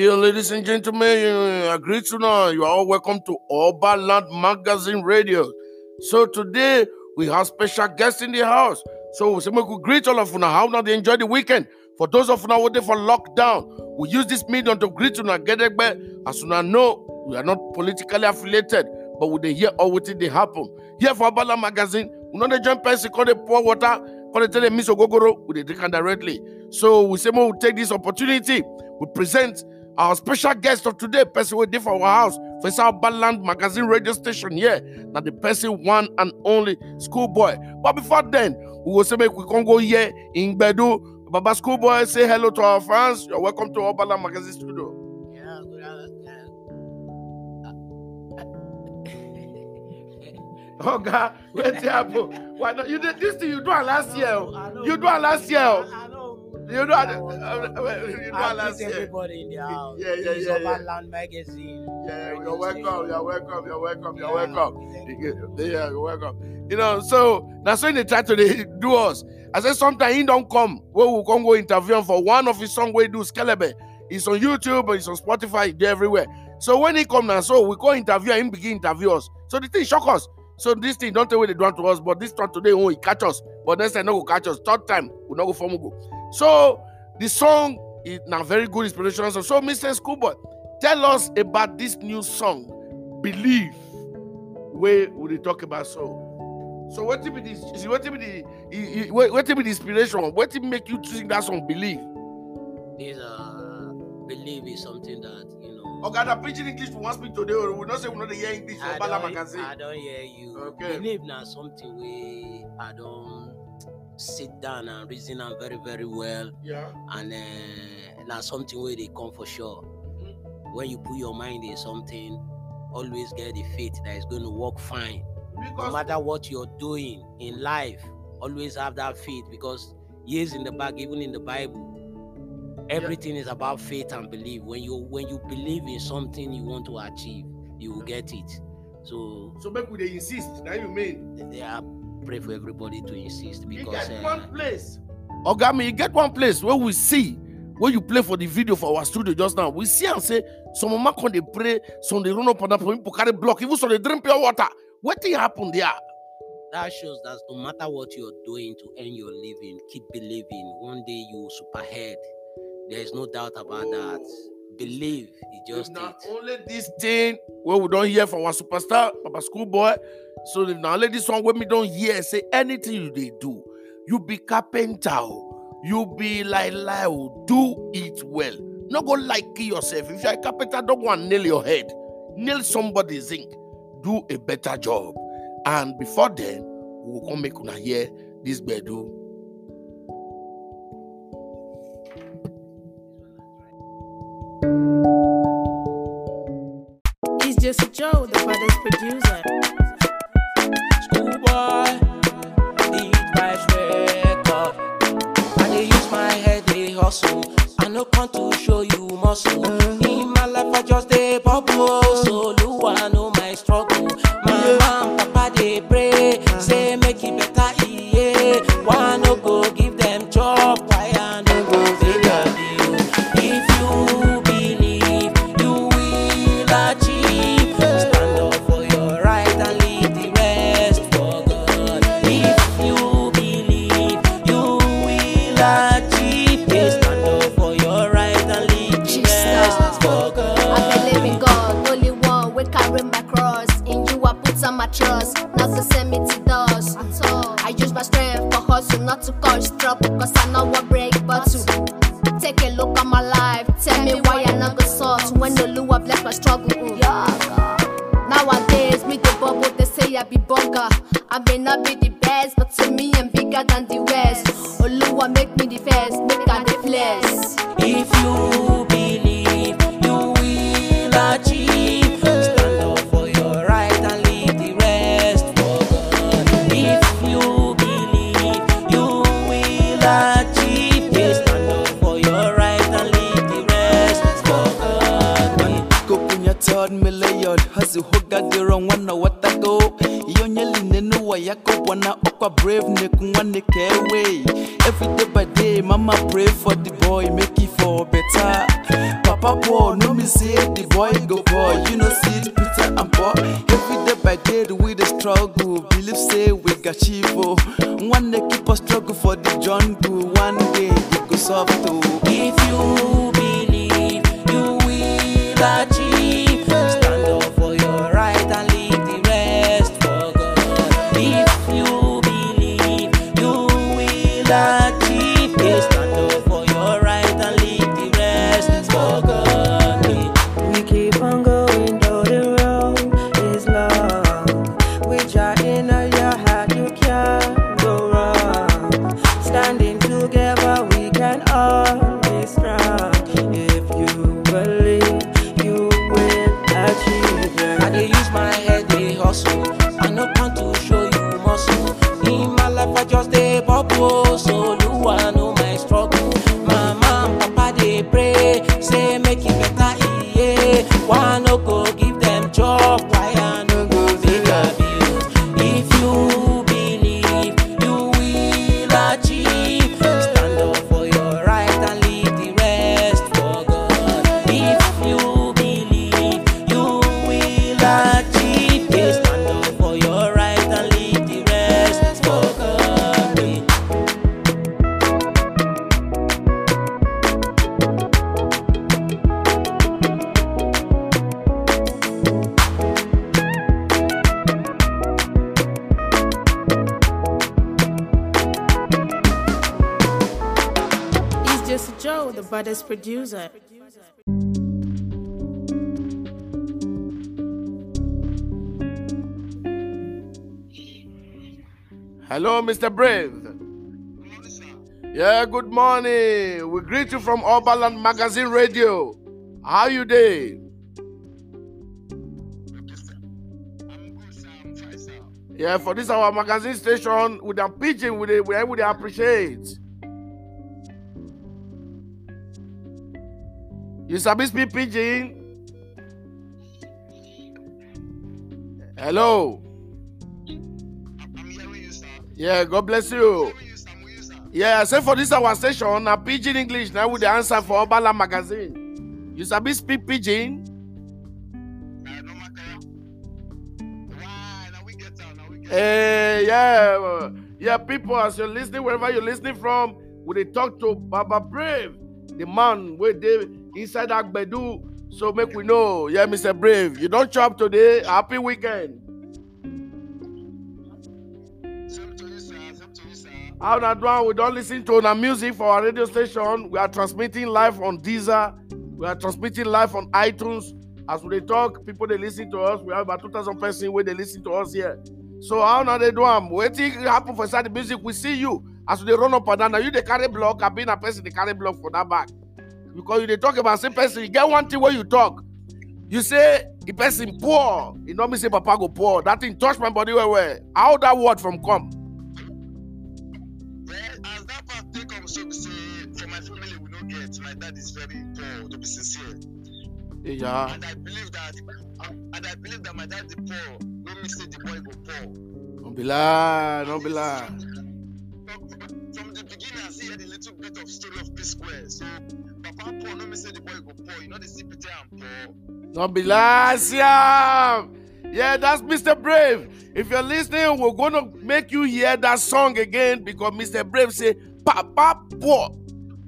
Dear ladies and gentlemen, I greet you now. You are all welcome to Oberland Magazine Radio. So today we have special guests in the house. So we say we could greet all of you now. How now they enjoy the weekend. For those of you now waiting for lockdown, we use this medium to greet you now. Get it back. As soon as know, we are not politically affiliated, but we they hear all what they happen. Here for Oberland Magazine, we know they join person call the poor water, call it tell them Miss Ogogoro, we they drink directly. So we say we will take this opportunity. We present our special guest of today, person we did for our house, for our Badland Magazine radio station here. Now the person one and only schoolboy. But before then, we will say make we can go here in Bedu. Baba schoolboy, say hello to our fans. You're welcome to our Badland Magazine Studio. Oh God, what's happened? Why not? You did this thing you do last year. You do last year. You know, I, I, you know I last year. everybody in the house. Yeah, yeah, yeah. yeah. Land magazine. Yeah, you're welcome. You're welcome. You're welcome. You're welcome. Yeah, you're welcome. You know, so that's when they try to they do us. I said sometimes he don't come. We will come go interview him for one of his song we do Skelebe. It's on YouTube, it's on Spotify, it's everywhere. So when he come now, so we go interview him, begin interview us. So the thing shock us. So this thing don't tell away they do to us, but this time today, oh, he catch us. But next time, no go catch us. Third time, we no go for go. So the song is now very good inspiration. So, so Mr. Schoolboy, tell us about this new song, Believe. Where would they talk about so? So what be this? What be the what be the inspiration? What it make you sing that song? Believe. This uh, believe is something that you know. Okay, I'm preaching English to one speak today. Oh. We not say we not hear English for Bala magazine. I don't hear you. Okay. Believe now something we I don't sit down and reason and very very well. Yeah. And uh, eh, that's something where they come for sure. Mm-hmm. When you put your mind in something, always get the faith that it's going to work fine. Because no matter what you're doing in life, always have that faith because years in the back, even in the Bible, everything yeah. is about faith and belief. When you when you believe in something you want to achieve, you will get it. So, so make we they insist that you mean they are pray for everybody to insist because you get eh, one place. Ogami, you get one place where we see where you play for the video for our studio just now, we see and say some mama can they pray, some they run up on the for because they carry block, even so they drink pure water. What thing happened there? That shows that no matter what you're doing to earn your living, keep believing. One day you superhead. There is no doubt about that believe he just not only this thing where we don't hear from our superstar, Papa Schoolboy. So if not only this one where we don't hear, say anything they do, you be carpenter, you be like lie. do it well. Not go like yourself. If you're a carpenter, don't go and nail your head. Nail somebody's zinc. Do a better job. And before then, we will come make una hear this bedroom. Producer Joe, the father's producer. Schoolboy, eat vibes record. I use my head, they hustle. I no come to show you muscle. Uh-huh. struggle, believe say we got chivo. One day keep us struggle for the jungle, one day you go soft too. Oh. If you believe, you will achieve. on. producer. Hello, Mr. Brave. Yeah, good morning. We greet you from Oberland Magazine Radio. How you doing? Yeah, for this our magazine station, with a pigeon, we they, we appreciate. You sabi speak pidgin? Hello. I'm hearing you, sir. Yeah, God bless you. you sir. you, sir. Yeah, say for this our session, na pidgin English. Now with the answer for Obala magazine. You sabi speak pidgin? Hey, eh, yeah, yeah, people, as you're listening, wherever you're listening from, we they talk to Baba Brave, the man where they inside that gbedu so make we know yeah mr brave you don chop today happy weekend. How na do am? We don lis ten to una music for our radio station. We are transmitting live on Deezer. We are transmitting live on iTunes. As we dey talk, people dey lis ten to us. We have about 2,000 person wey dey lis ten to us here. So how na dey do am? Wetin happen for inside the music? We see you as we dey run up and down. Na you dey carry block. Abi na person dey carry block for that back because you they talk about same person you get one thing when you talk you say the person poor you e no mean say papa go poor that thing touch my body where where. how that word from come. well as that part take come so be say for my family we no get my dad is very poor to be sincere. Yeah. and i believe that and i believe that my dad is poor no mean say the boy go poor. no be lie no be lie. bit of story of P Square. So Papa Paul, no me say the boy go poor. You know they see Peter and Paul. No be Yeah, that's Mr. Brave. If you're listening, we're gonna make you hear that song again because Mr. Brave say Papa poor,"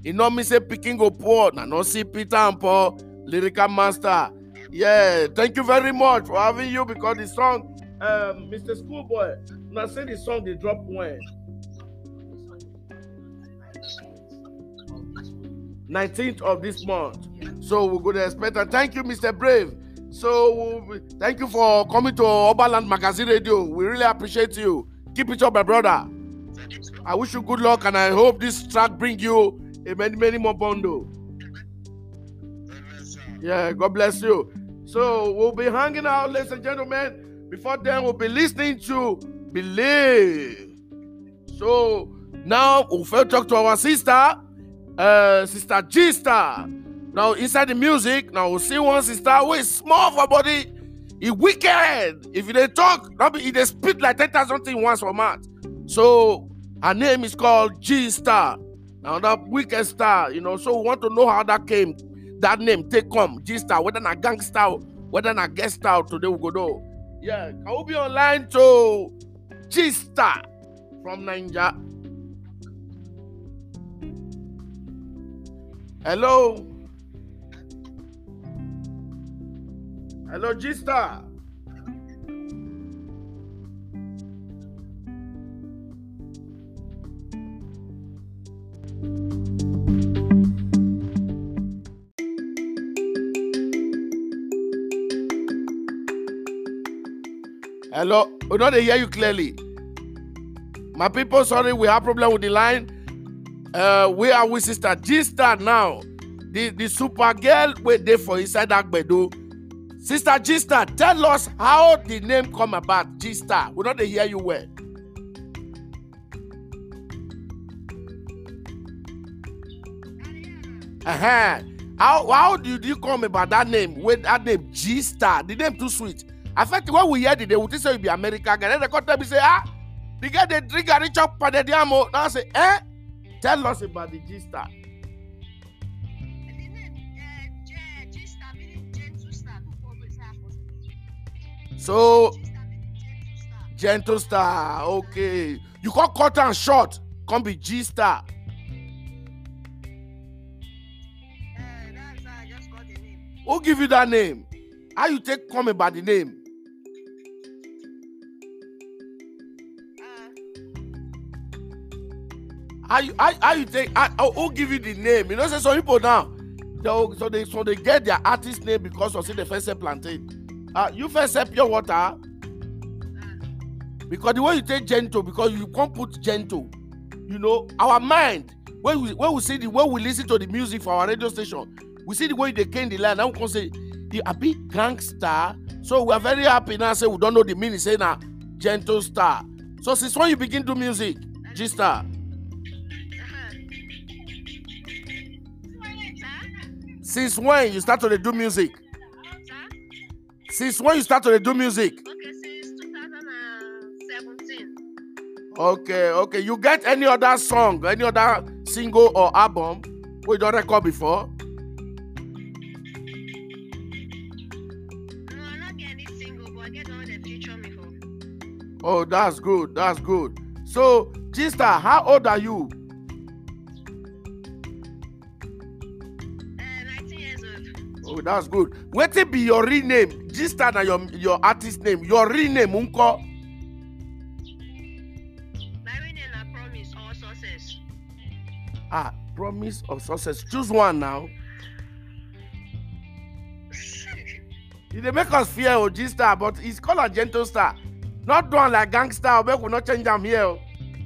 You know me say picking go poor. Now no see Peter and Paul, lyrical master. Yeah, thank you very much for having you because the song, um, Mr. Schoolboy. Now say the song they drop when. 19th of this month. So we're going to expect and thank you, Mr. Brave. So we'll be, thank you for coming to Oberland Magazine Radio. We really appreciate you. Keep it up, my brother. I wish you good luck and I hope this track bring you a many, many more bundle. Yeah, God bless you. So we'll be hanging out, ladies and gentlemen. Before then, we'll be listening to Believe. So now we'll first talk to our sister uh, Sister G Star. Now, inside the music, now we see one sister who is small for body, he wicked. If they talk, not be, they speak like 10,000 things once for month. So, her name is called G Star. Now, that wicked star, you know, so we want to know how that came, that name, take come, G Star, whether a gangster, whether a guest star, today we go do. Yeah, can we be online to G Star from Nigeria? hello hello gista. Hello, we don't hear you clearly. My people, sorry, we have problem with the line uh, where are we sister Star now the the super girl wey dey for inside agbedo sister gista tell us how the name come about gista we no dey hear you well. Uh-huh. how how did you come about that name wey that name gista the name too sweet affect when we hear the name we think say you be american guy then they come tell me say ah the girl dey drink garri chop pounded yam o now i say eh Tell us about the G-Star. So, gentle star, okay. You call cut and short, come be G star. Eh, Who give you that name? How you take come by the name? how you how, how you take how, oh, who give you the name you know say some people now so so they so they get their artist name because of say they first sell plantain ah uh, you first sell pure water because the way you take gentle because you come put gentle you know our mind when we when we see the way we lis ten to the music for our radio station we see the way they came the line now we come say the abi gangster so we are very happy now say we don know the meaning say na gentle star so since when you begin do music g star. Since when you start to do music? Since when you start to do music? Okay, since 2017. Okay, okay. You get any other song, any other single or album we don't record before? Oh, that's good. That's good. So, sister, how old are you? oh that's good wetin be your real name gista na your your artist name your real name nko. my real name promise or success. ah promise of success choose one now. e dey make us fear o oh, gista but e called a gentle star not do like gangster oh, make we not change am here oh.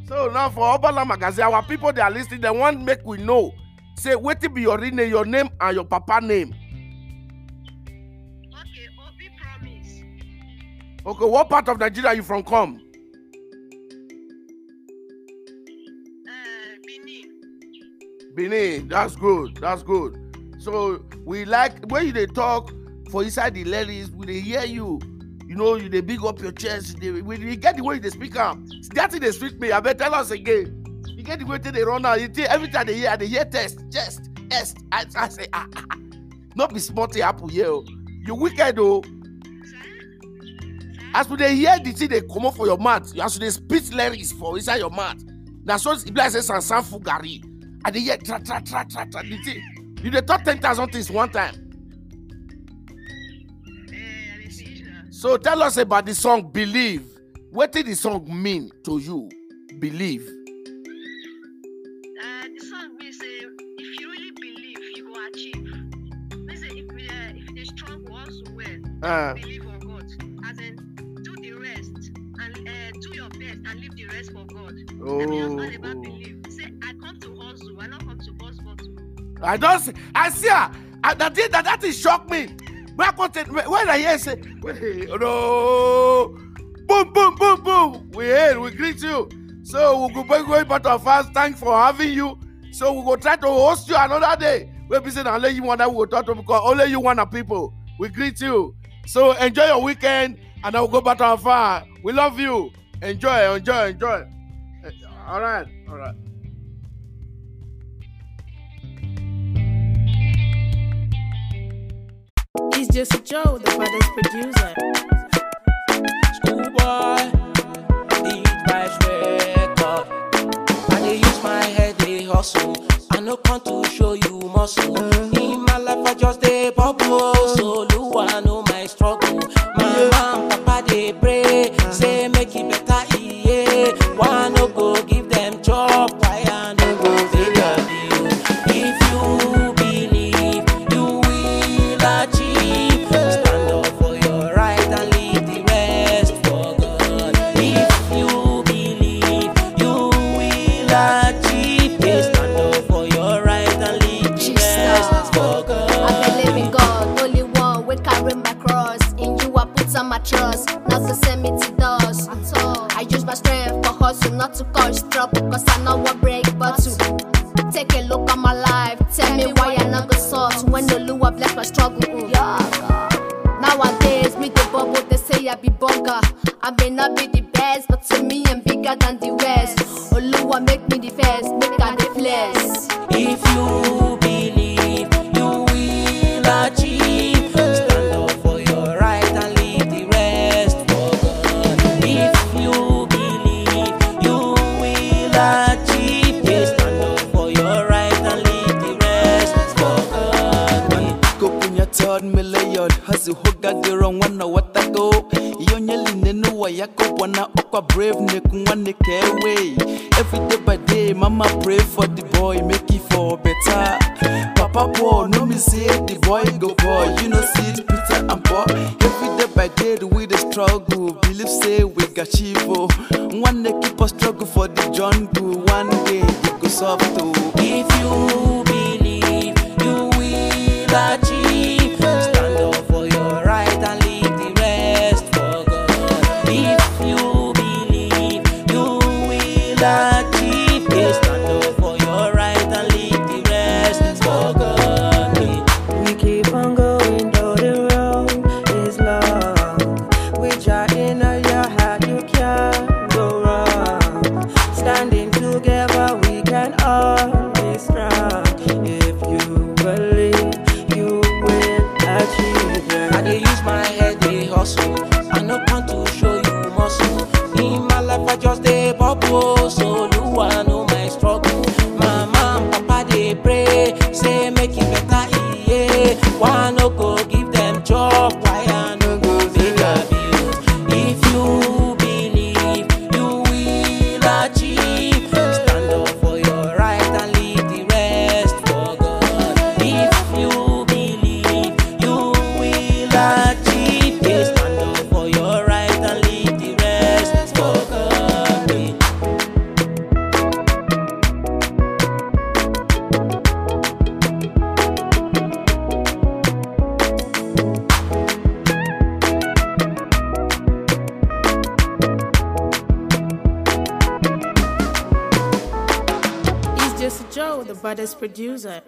so now for obala magazine our people dey are listening, they wan make we know say what wetin be your real name your name and your papa name Okay, what part of Nigeria you from come? Eh, Benin. Benin, that's good. That's good. So we like when you they talk for inside the ladies, we they hear you. You know, you they big up your chest. They, we you get the way they speak up, that thing they speak me. I better tell us again. You get the way they run out. You think every time they hear, they hear test, chest, test. I, I say, ah, ah. ah. not be smarty apple happen here. Oh. You wicked though as we dey hear the thing dey comot for your mouth as you dey spit lyrics for inside your mouth na so e be like say sansan full garri i dey hear tra tra tra tra tra the thing you dey talk ten thousand things one time. so tell us about the song believe wetin the song mean to you believe. Uh, for God. Oh. I mean, all about belief. Say, I come to hustle. I not come to hustle. I just, I see her. I, that, that, that is shocked me. When I, content, when I hear say, wait, no, boom, boom, boom, boom. We hail, we greet you. So we go back going part of us. Thanks for having you. So we go try to host you another day. We'll be saying only you want that we will talk to because only you want people. We greet you. So enjoy your weekend and I will go back to our fire. We love you. Enjoy, enjoy, enjoy. Eh, all right, all right. He's just a Joe, the father's producer. Schoolboy, eat rice, record. up. I dey use my head, dey hustle. I no come to show you muscle. Uh-huh. In my life, I just dey. Oluwa make me the first, make I the bless. If you believe, you will achieve. Stand up for your right and leave the rest for God. If you believe, you will achieve. stand up for your right and leave the rest for God. Kopin ya third million, hasi hoga gero wana watago. Iyo nyeli nenu wa yako wana okwa brave neku wane kewe. Every day by day, mama pray for the boy, make it for better. Papa poor, no me say the boy go poor. You know see it Peter and poor. Every day by day, we the struggle. Believe say we got chivo. One day keep a struggle for the jungle. One day it go up too. Oh. If you believe, you will achieve. this Producer.